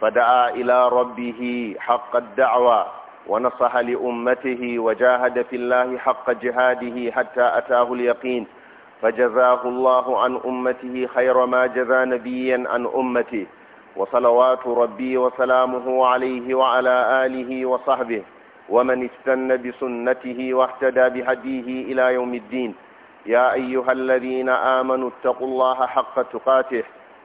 فدعا إلى ربه حق الدعوة ونصح لأمته وجاهد في الله حق جهاده حتى أتاه اليقين فجزاه الله عن أمته خير ما جزى نبيا عن أمته وصلوات ربي وسلامه عليه وعلى آله وصحبه ومن استن بسنته واهتدى بهديه إلى يوم الدين يا أيها الذين آمنوا اتقوا الله حق تقاته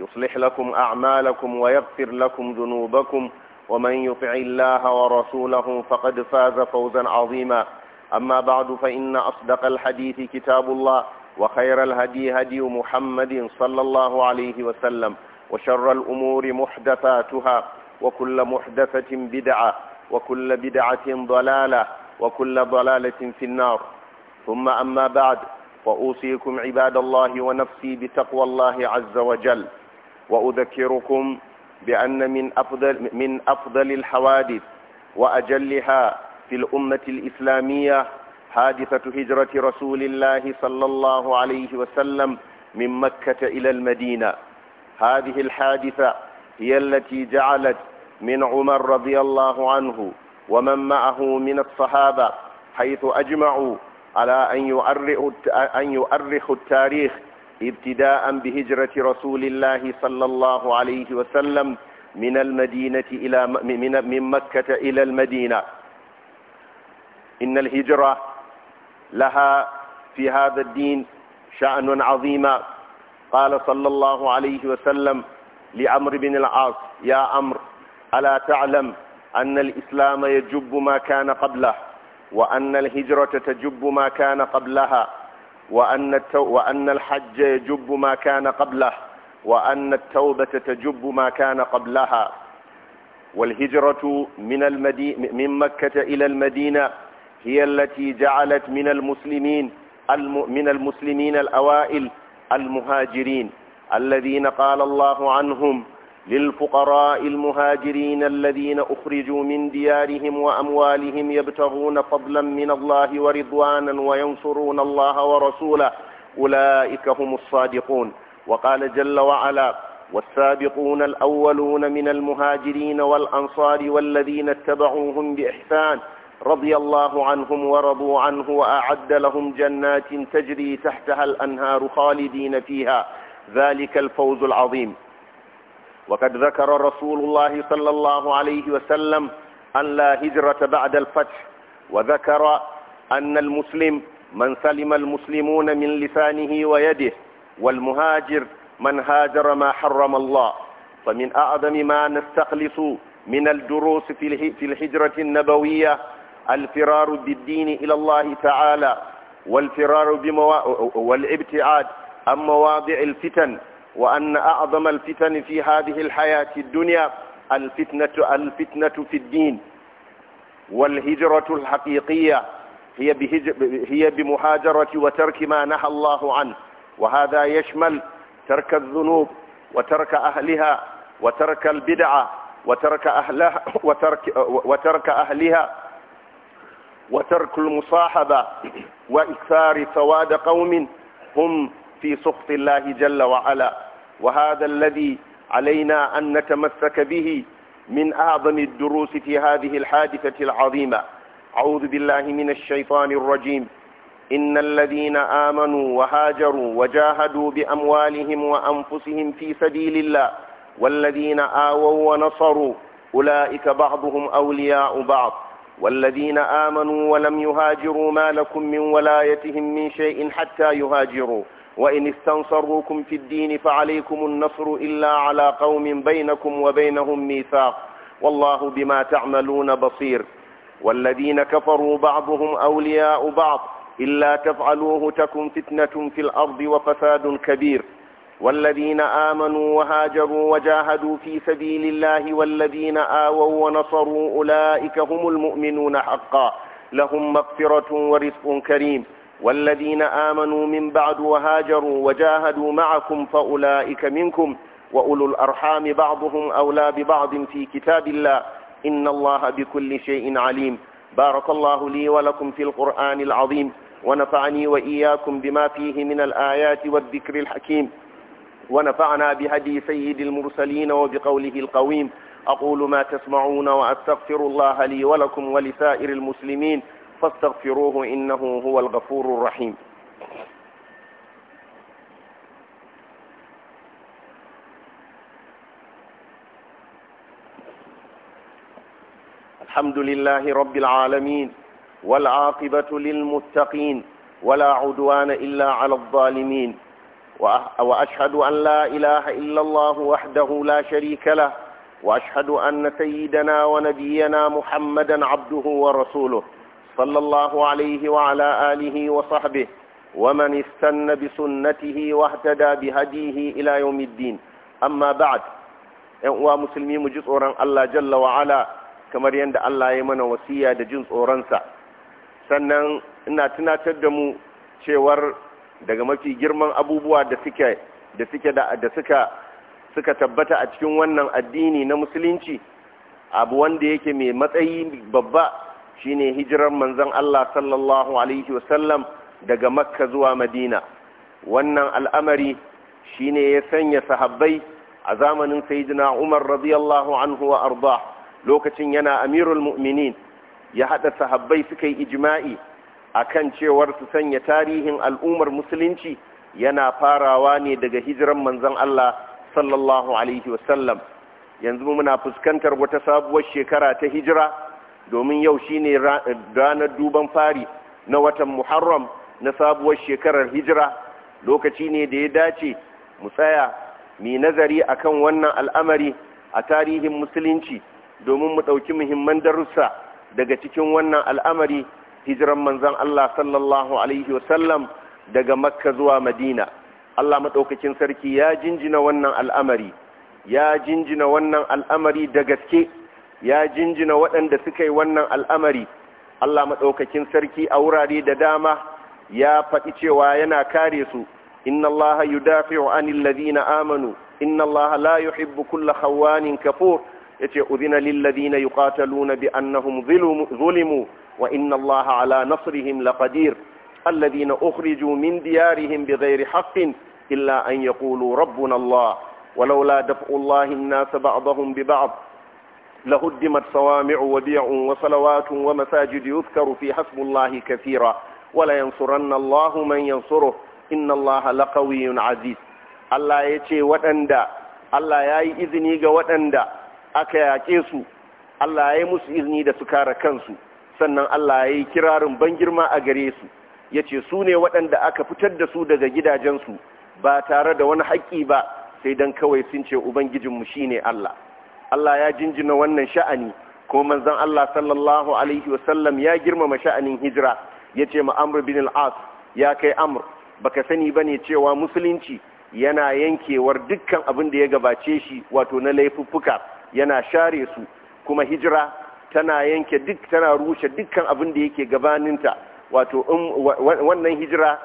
يصلح لكم أعمالكم ويغفر لكم ذنوبكم ومن يطع الله ورسوله فقد فاز فوزا عظيما أما بعد فإن أصدق الحديث كتاب الله وخير الهدي هدي محمد صلى الله عليه وسلم وشر الأمور محدثاتها وكل محدثة بدعة وكل بدعة ضلالة وكل ضلالة في النار ثم أما بعد فأوصيكم عباد الله ونفسي بتقوى الله عز وجل وأذكركم بأن من أفضل, من أفضل الحوادث وأجلها في الأمة الإسلامية حادثة هجرة رسول الله صلى الله عليه وسلم من مكة إلى المدينة هذه الحادثة هي التي جعلت من عمر رضي الله عنه ومن معه من الصحابة حيث أجمعوا على أن يؤرخوا التاريخ ابتداء بهجرة رسول الله صلى الله عليه وسلم من المدينة إلى من مكة إلى المدينة إن الهجرة لها في هذا الدين شأن عظيم قال صلى الله عليه وسلم لعمر بن العاص يا أمر ألا تعلم أن الإسلام يجب ما كان قبله وأن الهجرة تجب ما كان قبلها وأن, وأن الحج يجب ما كان قبله وأن التوبة تجب ما كان قبلها والهجرة من, من مكة إلى المدينة هي التي جعلت من المسلمين من المسلمين الأوائل المهاجرين الذين قال الله عنهم للفقراء المهاجرين الذين أخرجوا من ديارهم وأموالهم يبتغون فضلا من الله ورضوانا وينصرون الله ورسوله أولئك هم الصادقون وقال جل وعلا والسابقون الأولون من المهاجرين والأنصار والذين اتبعوهم بإحسان رضي الله عنهم ورضوا عنه وأعد لهم جنات تجري تحتها الأنهار خالدين فيها ذلك الفوز العظيم وقد ذكر رسول الله صلى الله عليه وسلم أن لا هجرة بعد الفتح وذكر أن المسلم من سلم المسلمون من لسانه ويده والمهاجر من هاجر ما حرم الله فمن أعظم ما نستخلص من الدروس في الهجرة النبوية الفرار بالدين إلى الله تعالى والفرار بموا... والابتعاد عن مواضع الفتن وأن أعظم الفتن في هذه الحياة الدنيا الفتنة, الفتنة في الدين والهجرة الحقيقية هي, هي بمهاجرة وترك ما نهى الله عنه وهذا يشمل ترك الذنوب وترك أهلها وترك البدعة وترك أهلها وترك, وترك أهلها وترك المصاحبة وإكثار سواد قوم هم في سخط الله جل وعلا وهذا الذي علينا أن نتمسك به من أعظم الدروس في هذه الحادثة العظيمة أعوذ بالله من الشيطان الرجيم إن الذين آمنوا وهاجروا وجاهدوا بأموالهم وأنفسهم في سبيل الله والذين آووا ونصروا أولئك بعضهم أولياء بعض والذين آمنوا ولم يهاجروا ما لكم من ولايتهم من شيء حتى يهاجروا وإن استنصروكم في الدين فعليكم النصر إلا على قوم بينكم وبينهم ميثاق والله بما تعملون بصير والذين كفروا بعضهم أولياء بعض إلا تفعلوه تكن فتنة في الأرض وفساد كبير والذين آمنوا وهاجروا وجاهدوا في سبيل الله والذين آووا ونصروا أولئك هم المؤمنون حقا لهم مغفرة ورزق كريم والذين آمنوا من بعد وهاجروا وجاهدوا معكم فأولئك منكم وأولو الأرحام بعضهم أولى ببعض في كتاب الله إن الله بكل شيء عليم بارك الله لي ولكم في القرآن العظيم ونفعني وإياكم بما فيه من الآيات والذكر الحكيم ونفعنا بهدي سيد المرسلين وبقوله القويم أقول ما تسمعون وأستغفر الله لي ولكم ولسائر المسلمين فاستغفروه إنه هو الغفور الرحيم الحمد لله رب العالمين والعاقبة للمتقين ولا عدوان إلا على الظالمين وأشهد أن لا إله إلا الله وحده لا شريك له وأشهد أن سيدنا ونبينا محمدا عبده ورسوله صلى الله عليه وعلى آله وصحبه ومن استن بسنته واهتدى بهديه إلى يوم الدين أما بعد ‘yan musulmi mu ji tsoron Allah jalla wa'ala kamar yadda Allah ya mana wasiya da jin tsoronsa sannan ina tunatar da mu cewar daga mafi girman abubuwa da suka tabbata a cikin wannan addini na musulunci abu wanda yake mai matsayi babba shine hijirar manzon Allah sallallahu alaihi wasallam daga makka zuwa madina wannan al'amari shine ya sanya sahabbai a zamanin sayyidina umar radiyallahu anhu wa arda lokacin yana amirul mu'minin ya hada sahabbai suka yi ijma'i akan cewar su sanya tarihin al'ummar musulunci yana farawa ne daga hijiran manzon Allah sallallahu alaihi wasallam yanzu muna fuskantar wata sabuwar shekara ta hijira domin yau shine ranar duban fari na watan muharram na sabuwar shekarar hijira lokaci ne da ya dace mu tsaya mai nazari akan wannan al'amari a tarihin musulunci domin mu ɗauki muhimman darussa daga cikin wannan al'amari hijiran manzan Allah sallallahu alaihi wasallam daga makka zuwa madina Allah maɗaukakin sarki ya jinjina wannan al'amari ya jinjina wannan al'amari da gaske ya jinjina waɗanda suka yi wannan al'amari Allah maɗaukakin sarki a wurare da dama ya faɗi cewa yana kare su inna Allah yudafi'u anil ladina amanu inna Allah la yuhibbu kulla khawanin kafur yace udhina lil ladina yuqataluna bi annahum zulimu wa inna Allah ala nasrihim laqadir alladhina ukhriju min diyarihim bi bighairi haqqin illa an yaqulu rabbuna Allah ولولا دفع الله الناس بعضهم ببعض لهدمت صوامع وبيع وصلوات ومساجد يذكر في حسب الله كثيرا ولينصرن الله من ينصره إن الله لقوي عزيز الله يتي وتندا الله ياي إذني ga waɗanda aka yake su Allah yayi musu izini da su kara kansu sannan Allah yayi kirarin ban girma a gare su yace su ne waɗanda aka fitar da su daga gidajensu ba tare da wani haƙƙi ba sai dan kawai sun ce ubangijinmu shine Allah Allah ya jinjina wannan sha'ani kuma manzon Allah sallallahu alaihi wasallam ya girmama sha'anin hijira yace ma Amr bin al-As ya kai Amr baka sani bane cewa musulunci yana yankewar dukkan abin da ya gabace shi wato na laifuffuka yana share su kuma hijira tana yanke duk tana rushe dukkan abin da yake gabaninta wato wannan hijira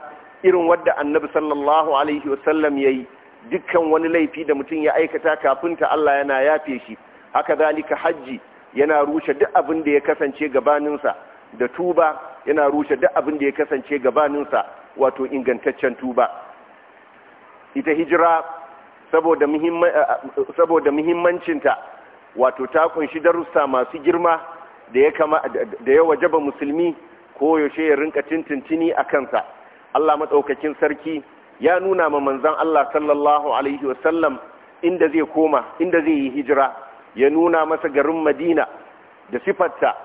irin wadda annabi sallallahu alaihi wasallam yayi dukkan wani laifi da mutum ya aikata kafin ta Allah yana yafe shi haka zalika hajji yana rushe duk abin da ya kasance gabaninsa da tuba yana rushe duk abin da ya kasance gabaninsa wato ingantaccen tuba ita hijira saboda muhimmancinta wato ta kunshi darussa masu girma da ya kama da ya wajaba musulmi ko yaushe ya rinka tintintini a kansa Allah madaukakin sarki ya nuna ma manzan Allah sallallahu alaihi wasallam inda zai koma inda zai yi hijira ya nuna masa garin madina da sifarta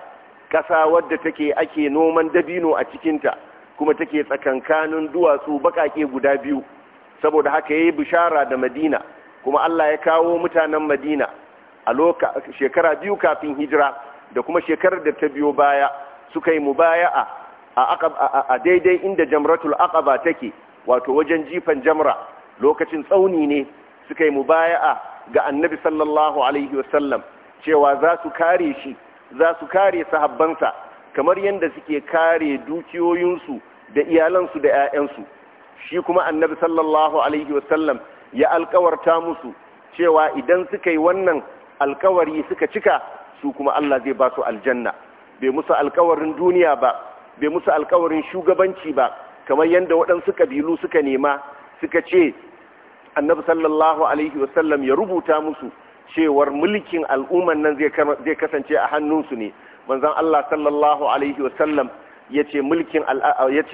ƙasa wadda take ake noman dabino a cikinta kuma take tsakankanin duwatsu bakake guda biyu saboda haka ya yi bishara da madina kuma Allah ya kawo mutanen madina a shekara biyu kafin hijira da kuma shekarar da ta biyo baya suka yi mubaya'a a daidai inda jamratul aqaba take wato wajen jifan jamra lokacin tsauni ne suka yi mubaya'a ga annabi sallallahu alaihi wasallam cewa za su kare shi za su kare sahabbansa kamar yadda suke kare dukiyoyinsu da iyalansu da 'ya'yansu shi kuma annabi sallallahu alaihi wasallam ya alkawarta musu cewa idan suka yi wannan alkawari suka cika su kuma Allah zai ba su aljanna bai musu alkawarin duniya ba bai musu alkawarin shugabanci ba kamar yadda waɗansu ƙabilu suka nema suka ce annabi sallallahu alaihi wasallam ya rubuta musu cewar mulkin al'umman nan zai kasance a hannunsu ne manzon Allah sallallahu alaihi wasallam ya ce mulkin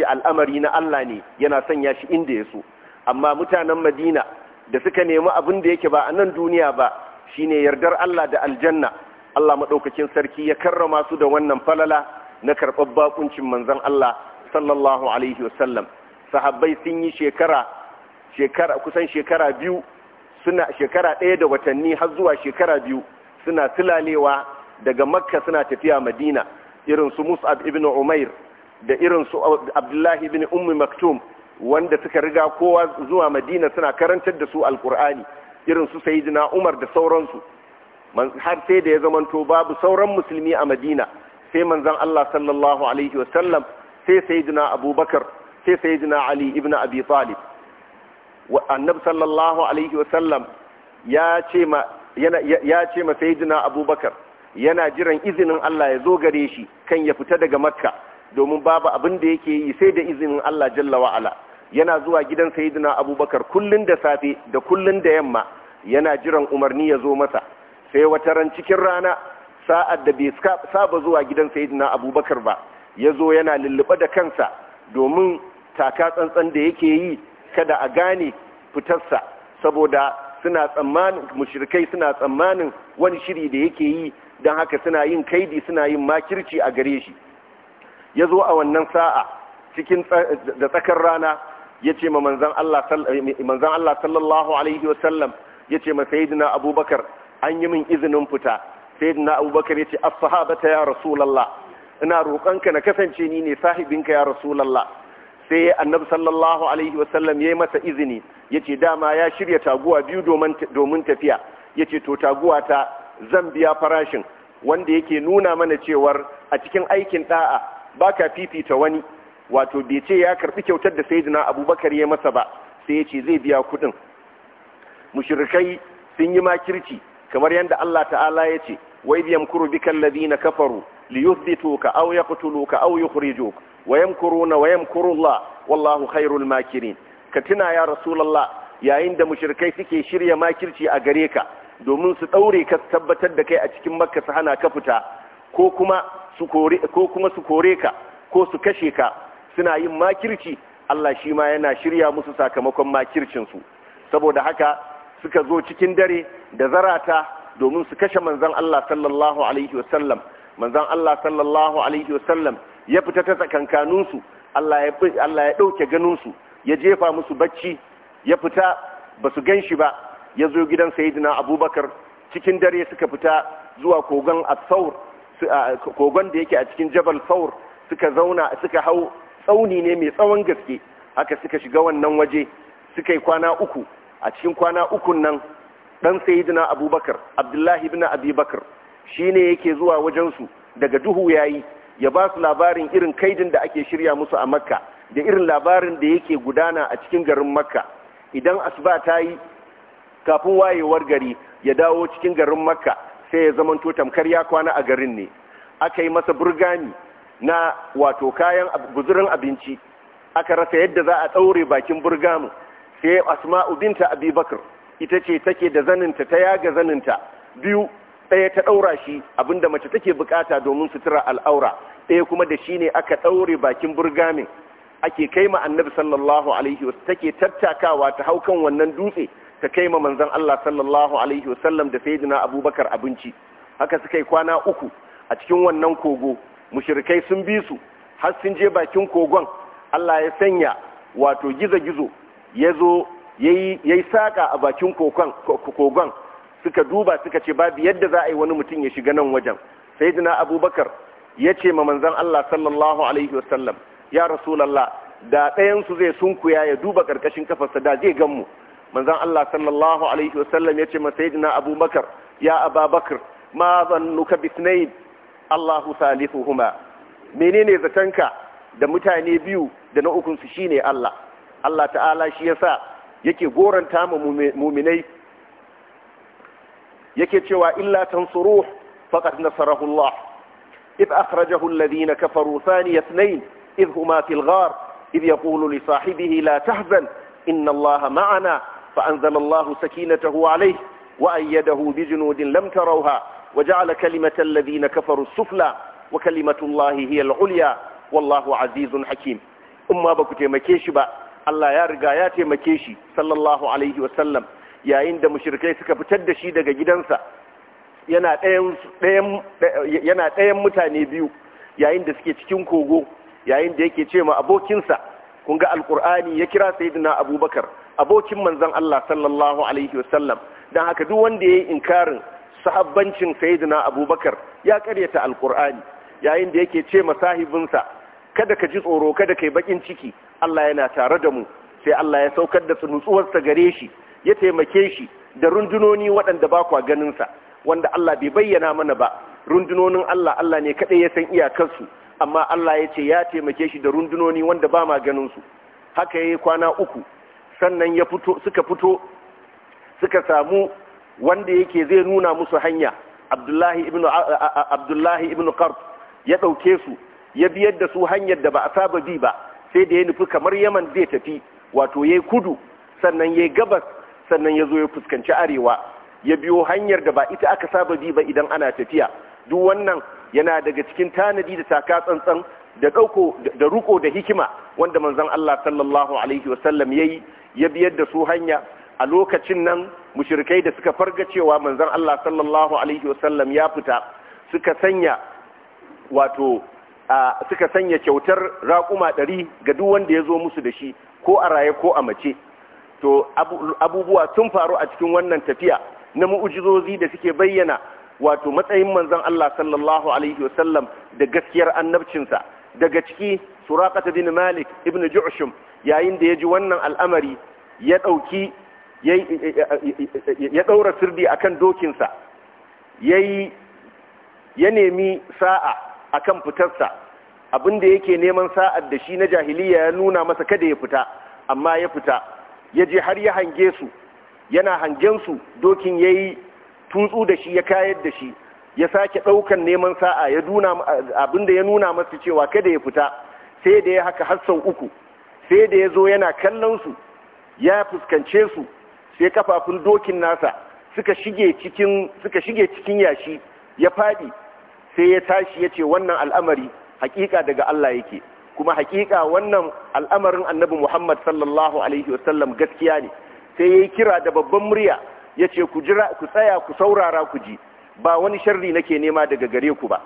al'amari na Allah ne yana sanya shi inda ya so amma mutanen madina da suka nemi abin da yake ba a nan duniya ba shine yardar Allah da aljanna Allah maɗaukakin sarki ya karrama su da wannan falala na karɓar baƙuncin manzon Allah sallallahu alaihi wasallam sahabbai sun yi shekara shekara kusan shekara biyu suna shekara ɗaya da watanni har zuwa shekara biyu suna tilalewa daga makka suna tafiya madina irin su mus'ab ibn umair da irin su abdullahi ibn ummi maktum wanda suka riga kowa zuwa madina suna karantar da su alkur'ani irin su sayyidina umar da sauransu har sai da ya zamanto babu sauran musulmi a madina sai manzon allah sallallahu alaihi wasallam sai sayyidina abubakar sai sayyidina ali ibn abi talib annabi sallallahu alaihi wasallam ya ce ma ya ce ma sayyidina abubakar yana jiran izinin Allah ya zo gare shi kan ya fita daga makka domin babu abin da yake yi sai da izinin Allah jalla wa'ala yana zuwa gidan sayidina abubakar kullun da safe da kullun da yamma yana jiran umarni ya zo masa sai wata ran cikin rana sa'ad da bai saba zuwa gidan sayidina abubakar ba ya zo yana lullube da kansa domin taka tsantsan da yake yi kada a gane fitarsa saboda suna tsammanin mushrikai suna tsammanin wani shiri da yake yi don haka suna yin kaidi suna yin makirci a gare shi ya zo a wannan sa'a cikin da tsakar rana ya ce ma manzan Allah sallallahu alaihi wasallam ya ce ma sayidina abubakar an yi min izinin fita sayidina abubakar ya ce as-sahabata ya rasulallah ina roƙonka na kasance ni ne sahibinka ya rasulallah sai annabi sallallahu alaihi wasallam ya yi masa izini ya ce dama ya shirya taguwa biyu domin tafiya ya ce to taguwa ta zan biya farashin wanda yake nuna mana cewar a cikin aikin ɗa'a ba ka fifita wani wato bai ce ya karɓi kyautar da saidina abubakar ya masa ba sai ya ce zai biya kuɗin mushirkai sun yi makirci kamar yadda Allah ta'ala ya ce wai biyan kuru bikan na kafaru liyuthbituka aw yaqtuluka aw yukhrijuka wa yamkuruna wa yamkuru Allah wallahu khairul makirin ka tuna ya rasulallah yayin da mushirikai suke shirya makirci a gare ka domin su daure ka tabbatar da kai a cikin makka su hana ka fita ko kuma su kore ka ko su kashe ka suna yin makirci Allah shi ma yana shirya musu sakamakon makircin su saboda haka suka zo cikin dare da zarata domin su kashe manzon Allah sallallahu alaihi wasallam manzon Allah sallallahu alaihi wasallam ya fita ta tsakankanin Allah ya ɗauke ya ganin su ya jefa musu bacci ya fita ba gan shi ba ya zo gidan sayyidina Abubakar cikin dare suka fita zuwa kogon atsaur kogon da yake a cikin Jabal Thawr suka zauna suka hau tsauni ne mai tsawon gaske haka suka shiga wannan waje suka yi kwana uku a cikin kwana ukun nan ɗan sayyidina Abubakar Abdullahi ibn Abi Bakar. Shi ne yake zuwa wajensu daga duhu yayi ya ba su labarin irin kaidin da ake shirya musu a makka da irin labarin da yake gudana a cikin garin makka idan asuba ta yi kafin wayewar gari ya dawo cikin garin makka sai ya zamanto tamkar ya kwana a garin ne aka yi masa burgani na wato kayan guzurin abinci aka rasa yadda za a ɗaure bakin burgamu sai asma'u binta abubakar ita ce take da zaninta ta yaga zaninta biyu ɗaya ta ɗaura shi abinda mace take bukata domin sutura al'aura ɗaya kuma da shi ne aka ɗaure bakin burgamin ake kai ma annabi sallallahu alaihi wasu take tattakawa ta haukan wannan dutse ta kai ma manzon Allah sallallahu alaihi wasallam da saidina Abubakar abinci haka suka yi kwana uku a cikin wannan kogo mushirikai sun bi su har sun je bakin kogon Allah ya sanya wato gizo-gizo ya zo ya yi saƙa a bakin kogon suka duba suka ce babu yadda za a yi wani mutum ya shiga nan wajen sayyidina abubakar ya ce ma manzan Allah sallallahu alaihi wasallam ya rasulallah da ɗayan su zai sunkuya ya duba ƙarƙashin kafarsa da zai ganmu. mu Allah sallallahu alaihi wasallam ya ce ma sayyidina abubakar ya ababakar ma nuka bisnai Allahu huma menene zatanka da mutane biyu da na ukunsu shine Allah Allah ta'ala shi yasa yake goranta mu muminai yake cewa illa tansuruh faqad nasarahu Allah إذ أخرجه الذين كفروا ثاني اثنين إذ هما في الغار إذ يقول لصاحبه لا تحزن إن الله معنا فأنزل الله سكينته عليه وأيده بجنود لم تروها وجعل كلمة الذين كفروا السفلى وكلمة الله هي العليا والله عزيز حكيم أما بكتي مكيشبا الله يرقى ياتي مكيشي صلى الله عليه وسلم yayin da mushirkai suka fitar da shi daga gidansa yana ɗayan mutane biyu yayin da suke cikin kogo yayin da yake ce ma abokinsa kun ga alkur'ani ya kira sayyidina abubakar abokin manzon Allah sallallahu alaihi wasallam dan haka duk wanda ya yi inkarin sahabbancin sayyidina abubakar ya karyata alkur'ani yayin da yake ce ma sahibinsa kada ka ji tsoro kada ka yi baƙin ciki Allah yana tare da mu sai Allah ya saukar da nutsuwarsa gare shi ya taimake shi da rundunoni waɗanda ba kwa ganinsa wanda Allah bai bayyana mana ba rundunonin Allah Allah ne kaɗai ya san iyakarsu amma Allah ya ce ya taimake shi da rundunoni wanda ba ma ganinsu haka ya yi kwana uku sannan ya fito suka fito suka samu wanda yake zai nuna musu hanya abdullahi ibn abdullahi ya ɗauke su ya biyar da su hanyar da ba a saba bi ba sai da ya nufi kamar yaman zai tafi wato ya yi kudu sannan ya yi gabas sannan ya zo ya fuskanci arewa ya biyo hanyar da ba ita aka saba bi ba idan ana tafiya duk wannan yana daga cikin tanadi da taka tsantsan da dauko da ruko da hikima wanda manzon Allah sallallahu alaihi wasallam yayi ya biyar da su hanya a lokacin nan mushrikai da suka farga cewa manzon Allah sallallahu alaihi wasallam ya fita suka sanya wato suka sanya kyautar raƙuma ɗari ga duk wanda ya zo musu da shi ko a raye ko a mace to abubuwa sun faru a cikin wannan tafiya na mu'ujizozi da suke bayyana wato matsayin manzon Allah sallallahu alaihi wasallam da gaskiyar annabcinsa daga ciki suraqata bin malik ibn ju'shum yayin da ya ji wannan al'amari ya dauki ya daura sirdi akan dokinsa yayi ya nemi sa'a akan fitarsa abinda yake neman sa'ar da shi na jahiliya ya nuna masa kada ya fita amma ya fita ya je har ya hange su yana hangen su dokin ya yi tutsu da shi ya kayar da shi ya sake ɗaukan neman sa'a ya duna abinda ya nuna masu cewa kada ya fita sai da ya haka har sau uku sai da ya zo yana kallon su ya fuskance su sai kafafun dokin nasa suka shige cikin yashi ya faɗi sai ya tashi ya ce wannan al'amari hakika daga Allah yake kuma hakika wannan al'amarin annabi Muhammad sallallahu alaihi wasallam gaskiya ne sai yayi kira da babban murya yace ku jira ku tsaya ku saurara ku ji ba wani sharri nake nema daga gare ku ba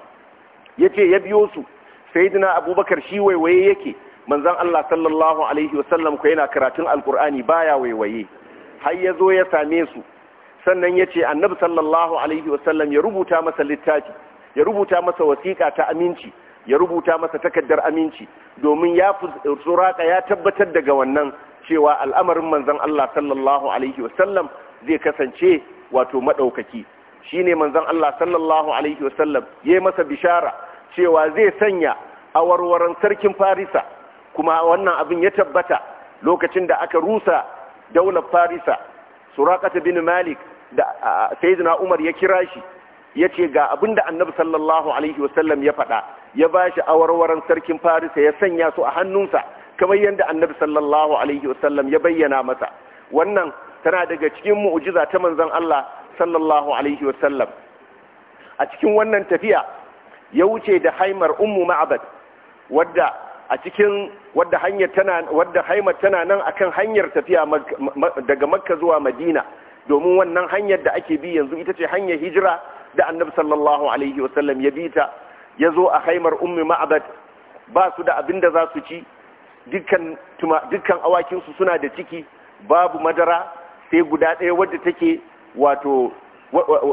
yace ya biyo su sayyidina Abubakar shi waiwaye yake manzon Allah sallallahu alaihi wasallam ko yana karatun Alkur'ani baya waiwaye har ya zo ya same su sannan yace annabi sallallahu alaihi wasallam ya rubuta masa littafi ya rubuta masa wasiƙa ta aminci ya rubuta masa takaddar aminci domin ya suraka ya tabbatar daga wannan cewa al'amarin manzan Allah sallallahu alaihi wasallam zai kasance wato Shi shine manzon Allah sallallahu alaihi wasallam yi masa bishara cewa zai sanya awarwaron sarkin Farisa kuma wannan abin ya tabbata lokacin da aka rusa daular Farisa suraƙata bin Malik da sayyidina Umar ya kira shi yace ga abinda annabi sallallahu alaihi wasallam ya faɗa ya ba shi awarwaran sarkin farisa ya sanya su a hannunsa kamar yadda annabi sallallahu alaihi wasallam ya bayyana masa wannan tana daga cikin mu'jiza ta manzon Allah sallallahu alaihi wasallam a cikin wannan tafiya ya wuce da haimar ummu ma'bad wadda a cikin wadda hanyar tana wadda haimar tana nan akan hanyar tafiya daga makka zuwa madina domin wannan hanyar da ake bi yanzu ita ce hanyar hijira da annabi sallallahu alaihi wasallam ya bi ta ya zo a haimar ummi ma'abad ba su da abin da za su ci dukkan awakinsu suna da ciki babu madara sai guda ɗaya wadda take wato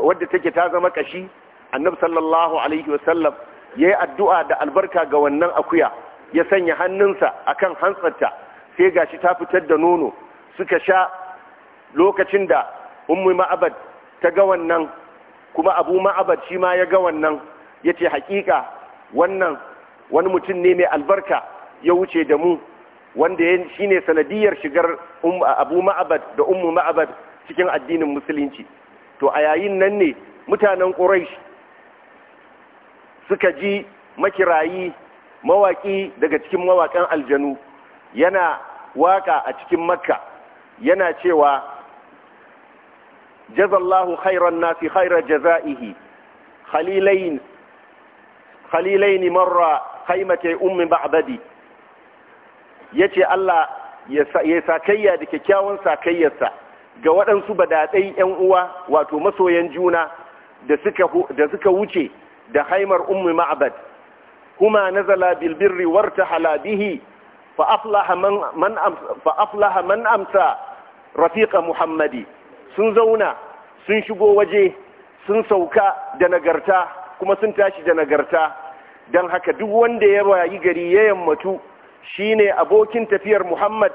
wadda take ta zama kashi annab sallallahu alaihi wasallam ya yi addu'a da albarka ga wannan akuya ya sanya hannunsa akan hantsarta sai gashi ta fitar da nono suka sha lokacin da ummi ma'abad ta ga wannan kuma abu ma'abad shi ma ya ga wannan ya ce haƙiƙa wannan wani mutum ne mai albarka ya wuce da mu wanda shi ne sanadiyar shigar um-, abu ma'abad da umu ma'abad cikin addinin musulunci to a yayin nan ne mutanen ƙuraish suka ji makirayi mawaƙi daga cikin mawaƙan aljanu yana waka a cikin makka yana cewa jazallahu khairan nasi khairar jaza'ihi khalilain ni marra haimate ummi ba'dadi yace Allah ya sakayya da kyakkyawan sakayyarsa ga waɗansu badaɗai yan uwa wato masoyan juna da suka wuce da haimar ummi ma'bad kuma nazala bil birri halabihi bihi fa aflaha man man amsa rafiqa muhammadi sun zauna sun shigo waje sun sauka da nagarta kuma sun tashi da nagarta don haka duk wanda ya rayu gari ya yammatu shine abokin tafiyar Muhammad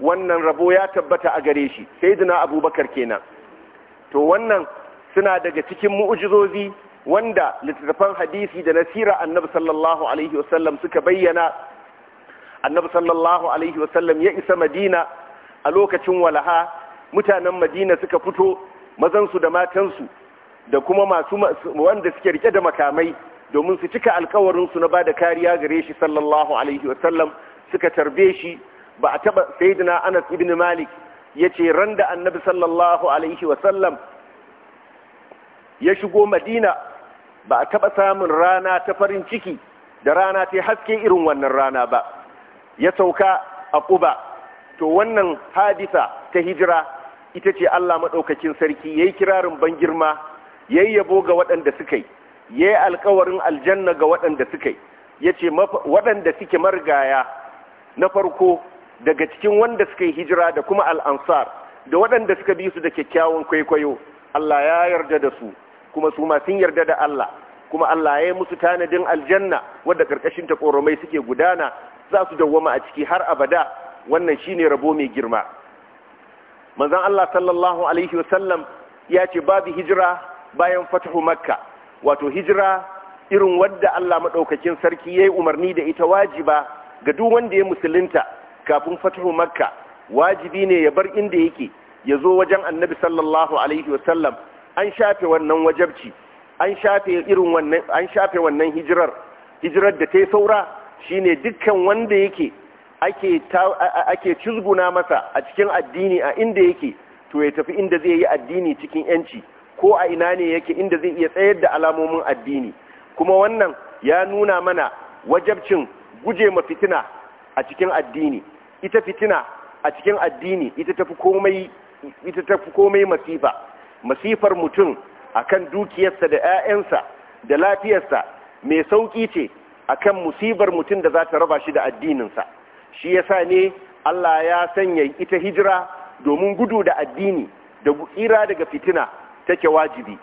wannan rabo ya tabbata a gare shi sai zina Abubakar kenan to wannan suna daga cikin mu'ujizozi wanda littattafan hadisi da nasira annabi sallallahu alaihi wasallam suka bayyana annabi sallallahu alaihi wasallam ya isa madina a lokacin walaha mutanen madina suka fito mazansu da matansu da kuma masu wanda suke rike da makamai domin su cika su na bada kariya gare shi sallallahu alaihi wasallam suka tarbe shi ba a taba sayyidina anas ibn malik ya ce ran da annabi sallallahu alaihi wasallam ya shigo madina ba a taba samun rana ta farin ciki da rana ta haske irin wannan rana ba ya sauka a kuba to wannan hadisa ta hijira ita ce allah maɗaukakin sarki ya yi kirarin ban girma yayyabo ga waɗanda suka yi yayi alkawarin aljanna ga waɗanda suka yi yace waɗanda suke margaya na farko daga cikin wanda suka yi hijira da kuma al'ansar da waɗanda suka bi su da kyakkyawan kwaikwayo Allah ya yarda da su kuma su ma sun yarda da Allah kuma Allah ya yi musu tanadin aljanna wadda karkashin ta koromai suke gudana za su dawwama a ciki har abada wannan shine rabo mai girma manzon Allah sallallahu alaihi wasallam ya ce babu hijira bayan fatahu makka wato hijira irin wadda Allah maɗaukakin sarki ya yi umarni da ita wajiba ga duk wanda ya musulunta kafin fatahu makka wajibi ne ya bar inda yake ya zo wajen annabi sallallahu alaihi wasallam an shafe wannan wajabci an shafe irin wannan an shafe wannan hijirar hijirar da ta yi saura shine dukkan wanda yake ake ake cizguna masa a cikin addini a inda yake to ya tafi inda zai yi addini cikin yanci ko a ina ne yake inda zai iya tsayar da alamomin addini kuma wannan ya nuna mana wajabcin guje ma fitina a cikin addini ita fitina a cikin addini ita tafi komai komai masifa masifar mutum akan dukiyarsa da 'ya'yansa da lafiyarsa mai sauƙi ce akan musibar mutum da za ta raba shi da addininsa shi yasa ne Allah ya sanya ita hijira domin gudu da addini da tsira daga fitina take wajibi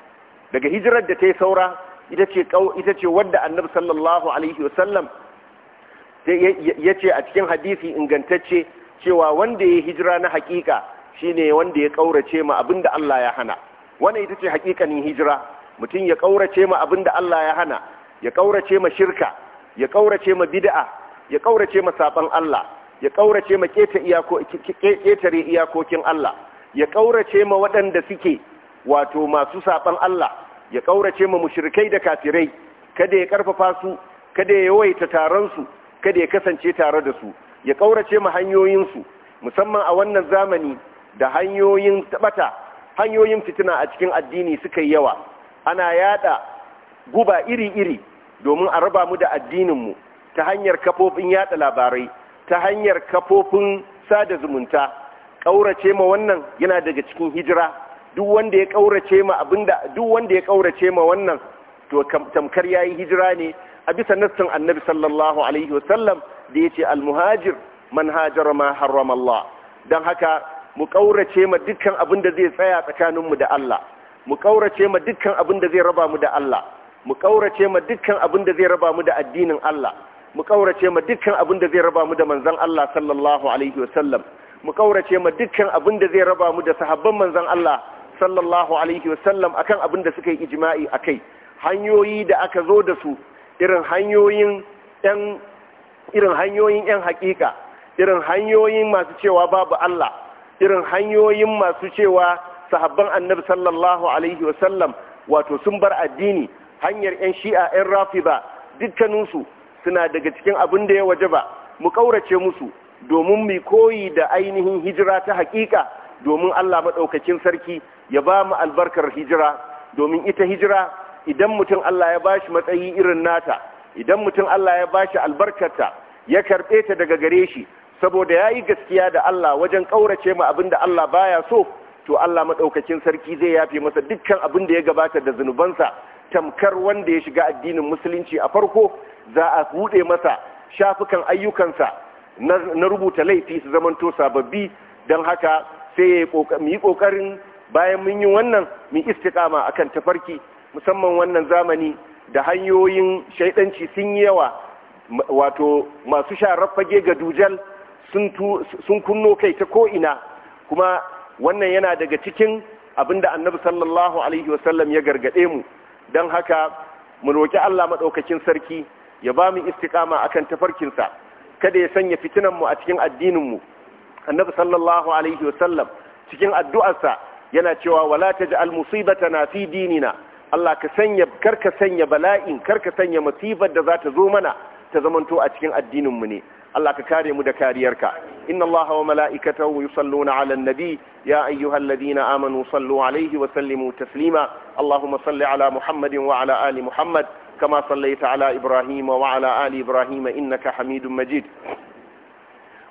daga hijirar da ta yi saura ita ce wadda annabi sallallahu alaihi wasallam ya ce a cikin hadisi ingantacce cewa wanda ya hijira na hakika shine wanda ya kaurace ma abinda Allah ya hana wannan ita ce hakikanin hijira mutum ya kaurace ma abinda Allah ya hana ya kaurace ma shirka ya kaurace ma bid'a ya kaurace ma saban Allah ya kaurace ma ketare iyakokin Allah ya kaurace ma waɗanda suke wato masu saɓan Allah ya ƙaurace ma mushrikai da kafirai kada ya ƙarfafa su kada ya yawaita taron su kada ya kasance tare da su ya ƙaurace ma hanyoyinsu. musamman a wannan zamani da hanyoyin tabata hanyoyin fitina a cikin addini suka yi yawa ana yada guba iri-iri domin a raba mu da addinin mu ta hanyar kafofin yada labarai ta hanyar kafofin sada zumunta ƙaurace ma wannan yana daga cikin hijira duk wanda ya kaurace ma abinda duk wanda ya kaurace ma wannan to tamkar yayi hijira ne a bisa nassin annabi sallallahu alaihi wasallam da yace al-muhajir man hajara ma harrama Allah dan haka mu kaurace ma dukkan abinda zai tsaya tsakanin mu da Allah mu kaurace ma dukkan abinda zai raba mu da Allah mu kaurace ma dukkan abinda zai raba mu da addinin Allah mu kaurace ma dukkan abinda zai raba mu da manzon Allah sallallahu alaihi wasallam mu kaurace ma dukkan abinda zai raba mu da sahabban manzon Allah sallallahu alaihi wasallam akan abin da suka yi ijma'i akai hanyoyi da aka zo da su irin hanyoyin yan irin hanyoyin ɗan haƙiƙa irin hanyoyin masu cewa babu Allah irin hanyoyin masu cewa sahabban annabi sallallahu alaihi wasallam wato sun bar addini hanyar yan shi'a yan rafida dukkaninsu suna daga cikin abin da ya waje ba mu ƙaurace musu domin mu koyi da ainihin hijira ta haƙiƙa domin Allah maɗaukakin sarki ya ba mu albarkar hijira domin ita hijira idan mutum Allah ya bashi matsayi irin nata idan mutum Allah ya bashi albarkarta ya karbe ta daga gare shi saboda yayi gaskiya da Allah wajen ƙaurace ma abinda Allah baya so to Allah madaukakin sarki zai yafe masa dukkan abinda ya gabata da zunubansa tamkar wanda ya shiga addinin musulunci a farko za a buɗe masa shafukan ayyukansa na rubuta laifi su zamanto sababbi don haka sai ya yi ƙoƙarin bayan mun yi wannan mun istiqama akan tafarki musamman wannan zamani da hanyoyin shaidanci sun yi yawa wato masu sharar fage ga dujal sun kunno kai ta ko'ina kuma wannan yana daga cikin abinda annabi sallallahu alaihi wasallam ya gargade mu don haka mu roƙi Allah maɗaukakin sarki ya ba mu istiqama akan tafarkinsa kada ya sanya fitinanmu a cikin addininmu annabi sallallahu alaihi wasallam cikin addu'arsa yana cewa wala taj'al musibatan fi dinina Allah ka sanya karka sanya bala'in karka sanya musibar da za ta zo mana ta zamanto a cikin addinin mu ne Allah ka kare mu da kariyarka inna Allah wa mala'ikatahu yusalluna 'alan nabi ya ayyuhalladhina amanu sallu 'alayhi wa sallimu taslima Allahumma salli 'ala Muhammadin wa 'ala ali Muhammad كما صليت على إبراهيم وعلى آل إبراهيم إنك حميد مجيد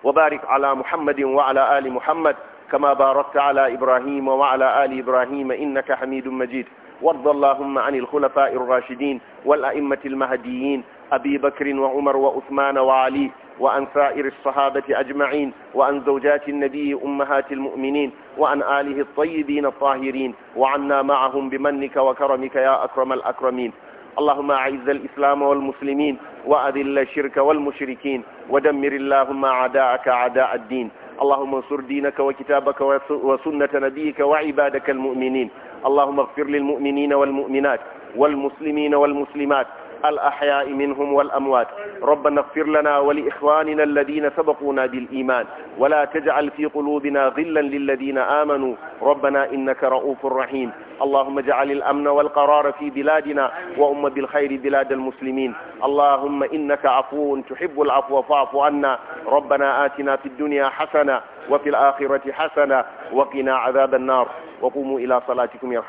وبارك على محمد وعلى آل محمد كما باركت على إبراهيم وعلى آل إبراهيم إنك حميد مجيد وارض اللهم عن الخلفاء الراشدين والأئمة المهديين أبي بكر وعمر وأثمان وعلي وعن سائر الصحابة أجمعين وعن زوجات النبي أمهات المؤمنين وعن آله الطيبين الطاهرين وعنا معهم بمنك وكرمك يا أكرم الأكرمين اللهم أعز الإسلام والمسلمين وأذل الشرك والمشركين ودمر اللهم أعداءك أعداء الدين اللهم انصر دينك وكتابك وسنة نبيك وعبادك المؤمنين اللهم اغفر للمؤمنين والمؤمنات والمسلمين والمسلمات الأحياء منهم والأموات ربنا اغفر لنا ولإخواننا الذين سبقونا بالإيمان ولا تجعل في قلوبنا غلا للذين آمنوا ربنا إنك رؤوف رحيم اللهم اجعل الأمن والقرار في بلادنا وأم بالخير بلاد المسلمين اللهم إنك عفو تحب العفو فاعف عنا ربنا آتنا في الدنيا حسنة وفي الآخرة حسنة وقنا عذاب النار وقوموا إلى صلاتكم يرحمون